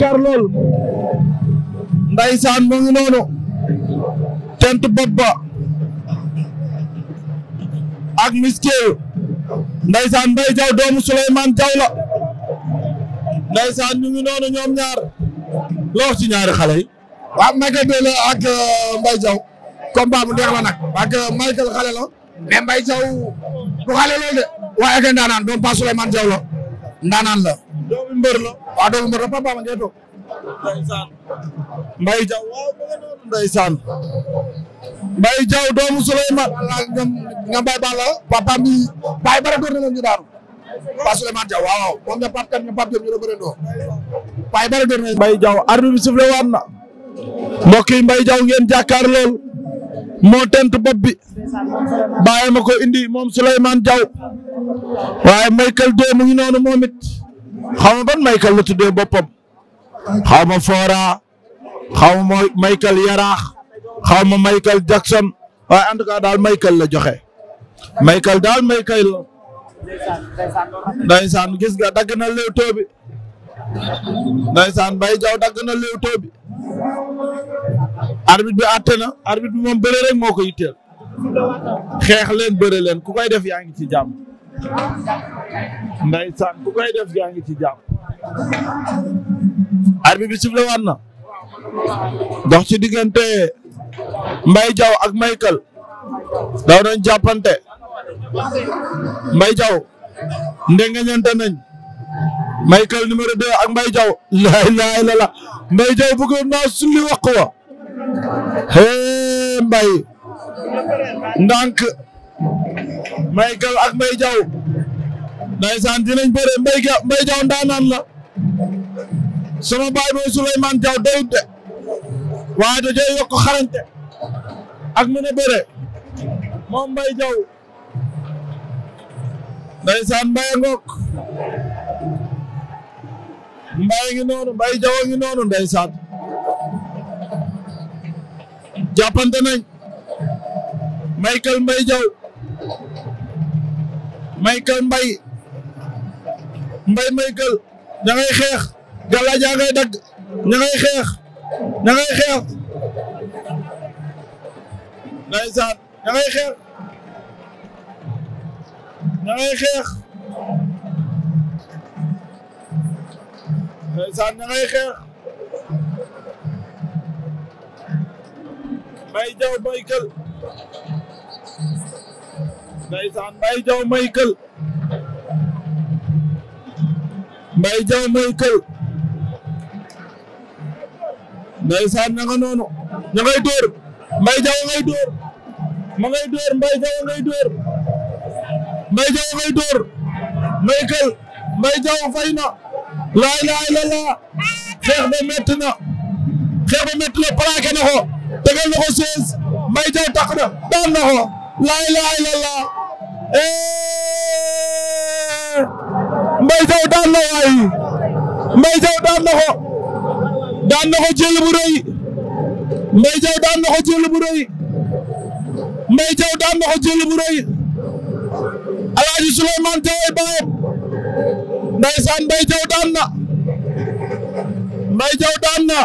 kar lool ndaysaan mu ngi noonu tent bopp ba ak miskeel ndaysaan Mbaye Diaw doomu Souleymane Diaw la ndaysaan ñu ngi noonu ñoom ñaar loo ci ñaar xale yi waaw Michael Bey la ak euh, Mbaye Diaw bu neex la nag ak euh, Michael xale la mais Mbaye Diaw bu xale lool de waaye ak ndaanaan doom pa Souleymane Diaw la ndaanaan la mbër la waa doomu mbër la papa ma ngay toog ndeysaan Mbaye Diaw waaw ma nga noonu ndeysaan Mbaye Diaw doomu Souleymane Allah ñoom nga Baye Balla papa mi Baye Bara door na leen ñu daanu Paa Souleymane Diaw waaw moom ne Pape Kane ne Pape Diop ñu la bëree doo Baye Bara door na Mbaye Diaw arbitre bi sifflé waat na mbokk yi Mbaye Diaw ngeen jàkkaar lool moo tent bopp bi bàyyi ma ko indi moom Souleymane Diaw waaye Michael Doo mu ngi noonu moom it xaw ma ban Michael la tuddee boppam xaw ma Fora xaw ma Michael Yaraax xaw ma Michael Jackson waaye en tout daal Michael la joxe Michael daal Michael la. Ndeysaan gis nga dagg na léewtoo bi Ndeysaan Mbaye Diaw dagg na léewtoo bi. arbitre bi àtte na arbitre bi moom bëre rek ko yitteel xeex leen bëre leen ku koy def yaa ngi ci jàmm. ndeysaan ku koy def yaa ngi ci jàpp. arbitre bi sifflé dox ci diggante Mbaye Diaw ak Michael. daw nañ jàppante. Mbaye Diaw ndengeñante nañ. Michael numéro 2 ak Mbaye Diaw. laa ilaaha illallaah Mbaye Diaw bëggoon naa wa. hee Mbaye. ndànk. Mbaye Kal ak Mbaye Diaw ndaanaan la sama baay mooy Souleymane Diaw doyut de waaye da joy yokk xarañte ak mën a moom Mbaye Diaw ndaysaan Mbaye ngook Mbaye ngi noonu Mbaye Diaw a ngi noonu ndaysaan jàppante nañ Michael Mbaye mbay Michael ña ngay xeex gàllaaj yaa ngay dagg ña ngay xeex ña ngay xeex ndeysaan ña ngay xeex ña ngay xeex ndeysaan ngay xeex Mbaye Jaw Michael ndeysaan Mbaye Diaw may kël Mbaye Diaw may kël ndeysaan na nga noonu ña ngay dóor Mbaye Diaw ngay dóor ma ngay dóor Mbaye Diaw ngay dóor Mbaye Diaw ngay dóor may kël Mbaye Diaw fay na laay laay la laa xeex ba métti na xeex ba métti na plaqué na ko tegal na ko 16 Mbaye Diaw tax na daan na ko la ilaha illallah eh Mbaye Sow daan na waay Mbaye Sow daan na ko daan na ko jël bu rëy Mbaye Sow daan na ko jël bu rëy Mbaye Sow daan na ko jël bu rëy Alaaji Souleymane Thiaw ay baayam ndeysaan Mbaye daan na Mbaye Sow daan na